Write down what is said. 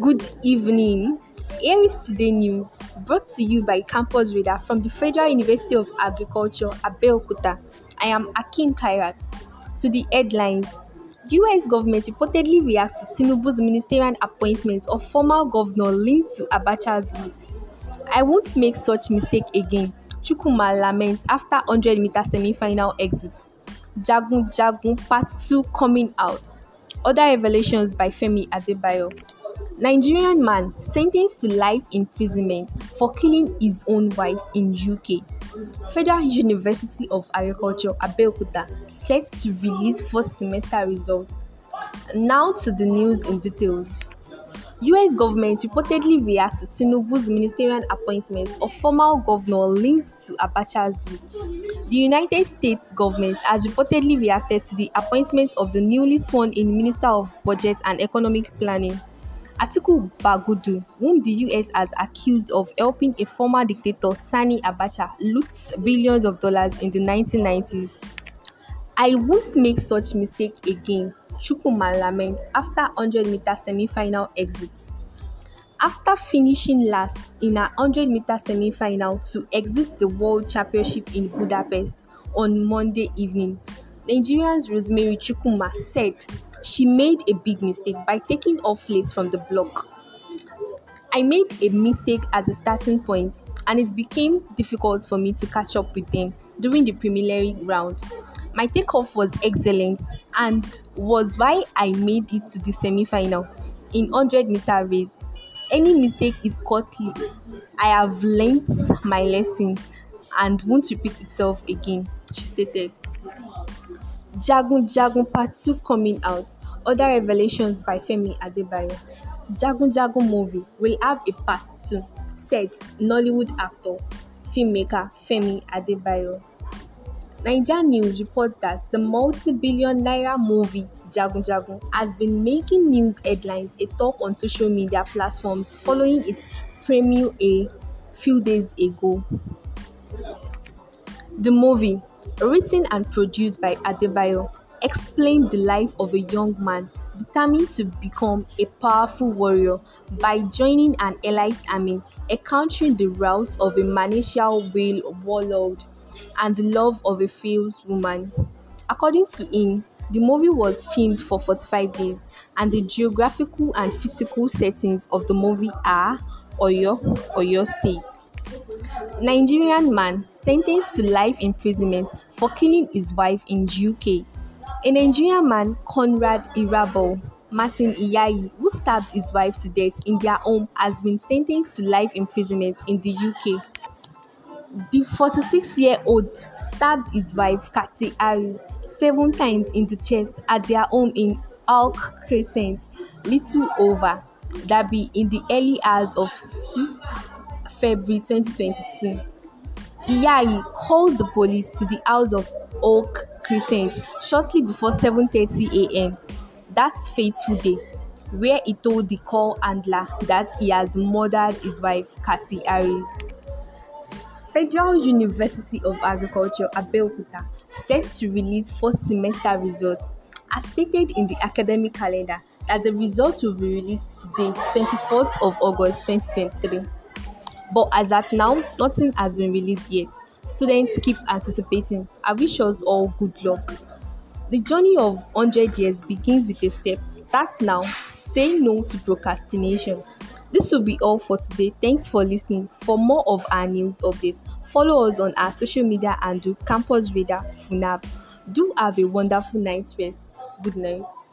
Good evening. Here is today's news brought to you by Campus Radar from the Federal University of Agriculture, Abeokuta. I am Akin Kairat. To the headlines US government reportedly reacts to Tinubu's ministerial appointments of former governor linked to Abacha's youth. I won't make such mistake again, Chukuma laments after 100 meter semi final exit. Jagun Jagun Part 2 coming out. Other revelations by Femi Adebayo. Nigerian man sentenced to life imprisonment for killing his own wife in UK. Federal University of Agriculture Abeokuta set to release first semester results. Now to the news in details. US government reportedly reacts to Tinubu's ministerial appointment of former governor linked to Abacha's loot. The United States government has reportedly reacted to the appointment of the newly sworn in Minister of Budget and Economic Planning. Atiku Bagudu, whom the US has accused of helping a former dictator Sani Abacha loot billions of dollars in the 1990s. I won't make such mistake again, Chukwuma laments after 100 meter semi-final exit. After finishing last in a 100 meter semi-final to exit the World Championship in Budapest on Monday evening, Nigerian's Rosemary Chukuma said she made a big mistake by taking off lace from the block. I made a mistake at the starting point and it became difficult for me to catch up with them during the preliminary round. My takeoff was excellent and was why I made it to the semi final in 100 meter race. Any mistake is costly. I have learnt my lesson and won't repeat itself again, she stated. Jagun Jagun Part 2 coming out, other revelations by Femi Adebayo Jagun Jagun movie will have a part 2, said Nollywood actor, filmmaker Femi Adebayo. Niger News reports that the multi-billion naira movie Jagun Jagun has been making news headlines a talk on social media platforms following its premiere a few days ago. The movie written and produced by Adebayo, explained the life of a young man determined to become a powerful warrior by joining an elite army, encountering the wrath of a maniacal whale warlord, and the love of a fierce woman. According to him, the movie was filmed for 45 days, and the geographical and physical settings of the movie are Oyo, Oyo State. Nigerian man sentenced to life imprisonment for killing his wife in UK. A Nigerian man, Conrad Irabo Martin Iyai, who stabbed his wife to death in their home, has been sentenced to life imprisonment in the UK. The 46 year old stabbed his wife, Cathy Harris, seven times in the chest at their home in Alk Crescent, Little Over, Derby, in the early hours of 6 February 2022, Gyumi called the police to the house of Oak Crescent shortly before 7:30 a.m. that fateful day, where he told the call handler that he has murdered his wife Kathy Harris. Federal University of Agriculture Abeokuta set to release first semester results as stated in the academic calendar that the results will be released today 24th of August 2023. But as at now, nothing has been released yet. Students keep anticipating. I wish us all good luck. The journey of 100 years begins with a step. Start now. Say no to procrastination. This will be all for today. Thanks for listening. For more of our news updates, follow us on our social media and do Campus Radar FUNAB. Do have a wonderful night's rest. Good night.